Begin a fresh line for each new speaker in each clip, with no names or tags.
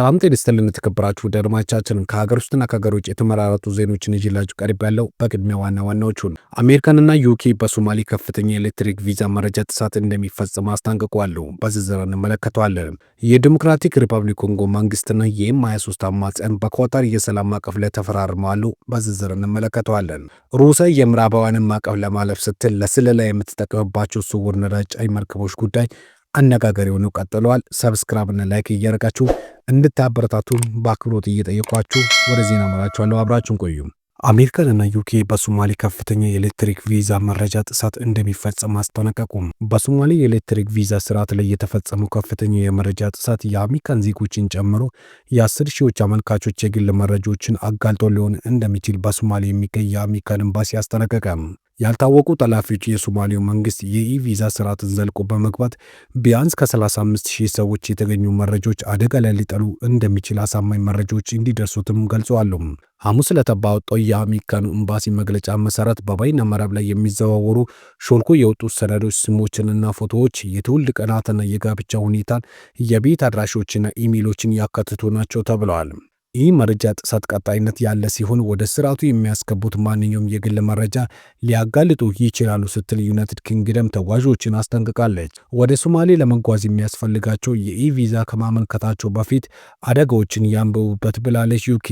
ሰላም ጤና ይስጥልን የተከበራችሁ ውድ አድማጮቻችን ከሀገር ውስጥና ከሀገር ውጭ የተመራረጡ ዜናዎችን ይዤላችሁ ቀርብ ያለው በቅድሚያ ዋና ዋናዎቹን አሜሪካንና ዩኬ በሶማሌ ከፍተኛ የኤሌክትሪክ ቪዛ መረጃ ጥሰት እንደሚፈጸም አስጠንቅቋሉ። በዝርዝር እንመለከተዋለን። የዲሞክራቲክ ሪፐብሊክ ኮንጎ መንግስትና የኤም 23 አማጽያን በኳታር የሰላም ማዕቀፍ ላይ ተፈራርመዋሉ። በዝርዝር እንመለከተዋለን። ሩሲያ የምዕራባውያንን ማዕቀፍ ለማለፍ ስትል ለስለላ የምትጠቀምባቸው ስውር ነዳጅ ጫኝ መርከቦች ጉዳይ አነጋጋሪ ሆኖ ቀጥለዋል። ሰብስክራብና ላይክ እያደረጋችሁ እንድታበረታቱን በአክብሮት እየጠየኳችሁ ወደ ዜና መራችኋለሁ። አብራችሁን ቆዩ። አሜሪካን እና ዩኬ በሶማሌ ከፍተኛ የኤሌክትሪክ ቪዛ መረጃ ጥሰት እንደሚፈጸም አስጠነቀቁም። በሶማሌ የኤሌክትሪክ ቪዛ ስርዓት ላይ የተፈጸመው ከፍተኛ የመረጃ ጥሰት የአሜሪካን ዜጎችን ጨምሮ የአስር ሺዎች አመልካቾች የግል መረጃዎችን አጋልጦ ሊሆን እንደሚችል በሶማሌ የሚገኝ የአሜሪካን ኤምባሲ አስጠነቀቀም። ያልታወቁ ጠላፊዎች የሶማሌው መንግስት የኢቪዛ ስርዓትን ዘልቆ በመግባት ቢያንስ ከ35 ሺህ ሰዎች የተገኙ መረጃዎች አደጋ ላይ ሊጠሉ እንደሚችል አሳማኝ መረጃዎች እንዲደርሱትም ገልጸዋል። ሐሙስ ዕለት ባወጣው የአሜሪካኑ ኤምባሲ መግለጫ መሰረት በበይነ መረብ ላይ የሚዘዋወሩ ሾልኮ የወጡ ሰነዶች ስሞችንና ፎቶዎች፣ የትውልድ ቀናትና የጋብቻ ሁኔታን፣ የቤት አድራሾችና ኢሜሎችን ያካትቱ ናቸው ተብለዋል። ይህ መረጃ ጥሰት ቀጣይነት ያለ ሲሆን ወደ ስርዓቱ የሚያስገቡት ማንኛውም የግል መረጃ ሊያጋልጡ ይችላሉ ስትል ዩናይትድ ኪንግደም ተጓዦችን አስጠንቅቃለች። ወደ ሶማሌ ለመጓዝ የሚያስፈልጋቸው የኢ ቪዛ ከማመልከታቸው በፊት አደጋዎችን ያንብቡበት ብላለች። ዩኬ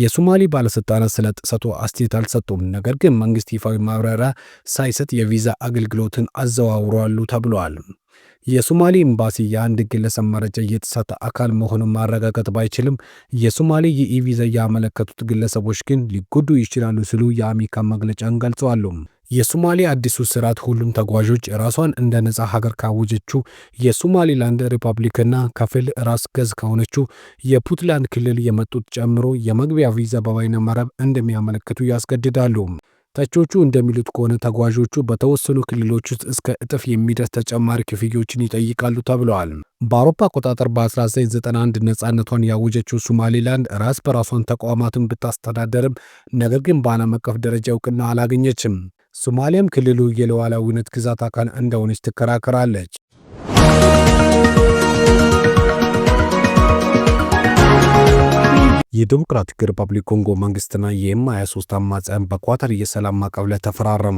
የሶማሌ ባለሥልጣናት ስለ ጥሰቱ አስተያየት አልሰጡም። ነገር ግን መንግሥት ይፋዊ ማብራሪያ ሳይሰጥ የቪዛ አገልግሎትን አዘዋውሯሉ ተብሏል። የሶማሌ ኤምባሲ የአንድ ግለሰብ መረጃ የተሳተ አካል መሆኑን ማረጋገጥ ባይችልም የሶማሌ የኢቪዛ ያመለከቱት ግለሰቦች ግን ሊጎዱ ይችላሉ ሲሉ የአሜሪካ መግለጫን ገልጸዋል። የሶማሌ አዲሱ ስርዓት ሁሉም ተጓዦች ራሷን እንደ ነጻ ሀገር ካወጀችው የሶማሌላንድ ሪፐብሊክና ከፊል ራስ ገዝ ከሆነችው የፑትላንድ ክልል የመጡት ጨምሮ የመግቢያ ቪዛ በበይነ መረብ እንደሚያመለክቱ ያስገድዳሉ። ተቾቹ እንደሚሉት ከሆነ ተጓዦቹ በተወሰኑ ክልሎች ውስጥ እስከ እጥፍ የሚደርስ ተጨማሪ ክፍያዎችን ይጠይቃሉ ተብለዋል። በአውሮፓ አቆጣጠር በ1991 ነፃነቷን ያወጀችው ሶማሌላንድ ራስ በራሷን ተቋማትን ብታስተዳደርም ነገር ግን በዓለም አቀፍ ደረጃ እውቅና አላገኘችም። ሶማሊያም ክልሉ የሉዓላዊነት ግዛት አካል እንደሆነች ትከራከራለች። የዲሞክራቲክ ሪፐብሊክ ኮንጎ መንግስትና የኤም 23 አማጽያን በኳታር የሰላም ማዕቀብ ላይ ተፈራረሙ።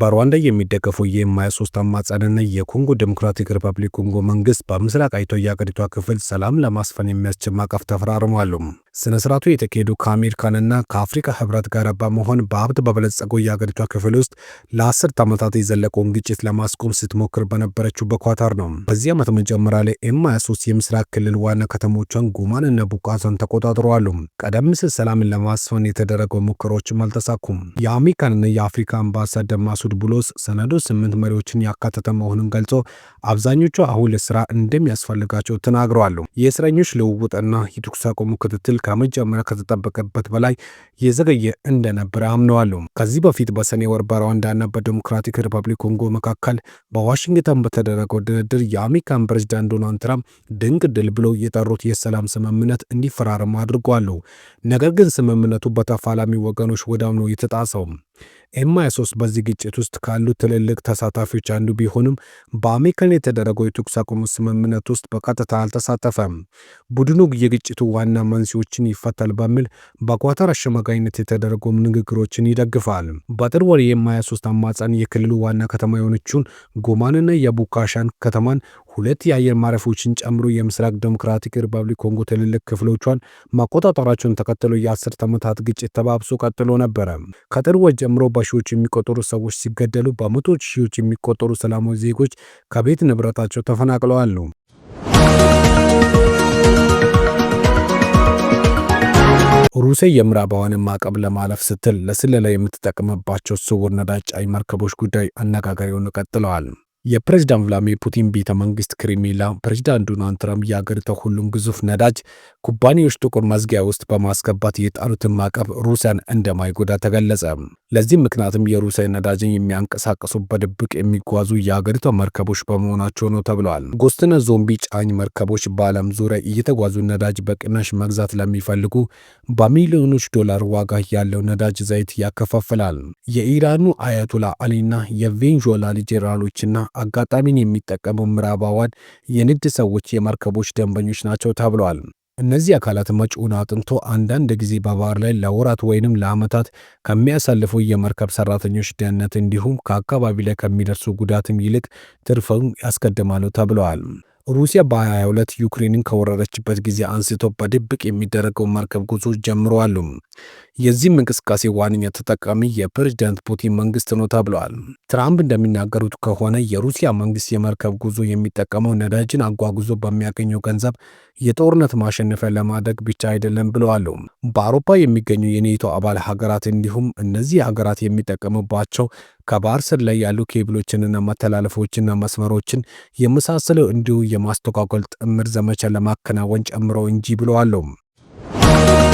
በሩዋንዳ የሚደገፉ የማያ ሶስት አማጽያንና የኮንጎ ዴሞክራቲክ ሪፐብሊክ ኮንጎ መንግስት በምስራቅ አይቶ የአገሪቷ ክፍል ሰላም ለማስፈን የሚያስችል ማዕቀፍ ተፈራርሟሉ። ስነ ስርዓቱ የተካሄዱ ከአሜሪካንና ከአፍሪካ ህብረት ጋር በመሆን በሀብት በበለጸገው የአገሪቷ ክፍል ውስጥ ለአስርት ዓመታት የዘለቀውን ግጭት ለማስቆም ስትሞክር በነበረችው በኳታር ነው። በዚህ ዓመት መጀመሪያ ላይ ኤም23 የምስራቅ ክልል ዋና ከተሞቿን ጉማንና ቡቃሳን ተቆጣጥረዋሉ። ቀደም ሲል ሰላምን ለማስፈን የተደረገው ሙከራዎችም አልተሳኩም። የአሜሪካንና የአፍሪካ አምባሳደር ሱድ ብሎ ሰነዱ ስምንት መሪዎችን ያካተተ መሆኑን ገልጾ አብዛኞቹ አሁን ለስራ እንደሚያስፈልጋቸው ተናግረዋል። የእስረኞች ልውውጥና የተኩስ አቁሙ ክትትል ከመጀመሪያ ከተጠበቀበት በላይ የዘገየ እንደነበረ አምነዋል። ከዚህ በፊት በሰኔ ወር በሩዋንዳና በዲሞክራቲክ ሪፐብሊክ ኮንጎ መካከል በዋሽንግተን በተደረገው ድርድር የአሜሪካን ፕሬዚዳንት ዶናልድ ትራምፕ ድንቅ ድል ብለው የጠሩት የሰላም ስምምነት እንዲፈራረም አድርጓሉ። ነገር ግን ስምምነቱ በተፋላሚ ወገኖች ወዳም ነው ኤም 23 በዚህ ግጭት ውስጥ ካሉ ትልልቅ ተሳታፊዎች አንዱ ቢሆንም በአሜሪካን የተደረገው የተኩስ አቁም ስምምነት ውስጥ በቀጥታ አልተሳተፈም። ቡድኑ የግጭቱ ዋና መንስኤዎችን ይፈታል በሚል በኳታር አሸማጋይነት የተደረጉ ንግግሮችን ይደግፋል። በጥር ወር የኤም 23 አማጽያን የክልሉ ዋና ከተማ የሆነችውን ጎማንና የቡካሻን ከተማን ሁለት የአየር ማረፊያዎችን ጨምሮ የምስራቅ ዴሞክራቲክ ሪፐብሊክ ኮንጎ ትልልቅ ክፍሎቿን መቆጣጠራቸውን ተከትሎ የአስርት ዓመታት ግጭት ተባብሶ ቀጥሎ ነበረ። ከጥር ወር ጀምሮ በሺዎች የሚቆጠሩ ሰዎች ሲገደሉ፣ በመቶዎች ሺዎች የሚቆጠሩ ሰላማዊ ዜጎች ከቤት ንብረታቸው ተፈናቅለዋል። ሩሲያ የምዕራባውያን ማዕቀብ ለማለፍ ስትል ለስለላ የምትጠቀምባቸው ስውር ነዳጅ ጫኝ መርከቦች ጉዳይ አነጋጋሪ ቀጥለዋል። የፕሬዝዳንት ቭላድሚር ፑቲን ቤተ መንግስት ክሬምሊን ፕሬዚዳንት ዶናልድ ትራምፕ የአገሪቷ ሁሉም ግዙፍ ነዳጅ ኩባንያዎች ጥቁር መዝጊያ ውስጥ በማስገባት የጣሉትን ማዕቀብ ሩሲያን እንደማይጎዳ ተገለጸ። ለዚህም ምክንያትም የሩሲያ ነዳጅን የሚያንቀሳቀሱ በድብቅ የሚጓዙ የአገሪቷ መርከቦች በመሆናቸው ነው ተብለዋል። ጎስትነ ዞምቢ ጫኝ መርከቦች በዓለም ዙሪያ እየተጓዙ ነዳጅ በቅናሽ መግዛት ለሚፈልጉ በሚሊዮኖች ዶላር ዋጋ ያለው ነዳጅ ዘይት ያከፋፍላል። የኢራኑ አያቶላ አሊና የቬንዙዌላ ጄኔራሎችና አጋጣሚን የሚጠቀሙ ምዕራባውያን የንግድ ሰዎች የመርከቦች ደንበኞች ናቸው ተብለዋል። እነዚህ አካላት መጪውን አጥንቶ አንዳንድ ጊዜ በባህር ላይ ለወራት ወይንም ለዓመታት ከሚያሳልፉ የመርከብ ሰራተኞች ደህንነት እንዲሁም ከአካባቢ ላይ ከሚደርሱ ጉዳትም ይልቅ ትርፍም ያስቀድማሉ ተብለዋል። ሩሲያ በ22 ዩክሬንን ከወረረችበት ጊዜ አንስቶ በድብቅ የሚደረገው መርከብ ጉዞ ጀምረዋሉ። የዚህም እንቅስቃሴ ዋነኛ ተጠቃሚ የፕሬዝዳንት ፑቲን መንግስት ነው ተብለዋል። ትራምፕ እንደሚናገሩት ከሆነ የሩሲያ መንግስት የመርከብ ጉዞ የሚጠቀመው ነዳጅን አጓጉዞ በሚያገኘው ገንዘብ የጦርነት ማሸነፊያ ለማድረግ ብቻ አይደለም ብለዋሉ። በአውሮፓ የሚገኙ የኔቶ አባል ሀገራት እንዲሁም እነዚህ ሀገራት የሚጠቀሙባቸው ከባህር ስር ላይ ያሉ ኬብሎችንና መተላለፎችና መስመሮችን የመሳሰሉ እንዲሁ የማስተጓጎል ጥምር ዘመቻ ለማከናወን ጨምሮ እንጂ ብለዋለሁ።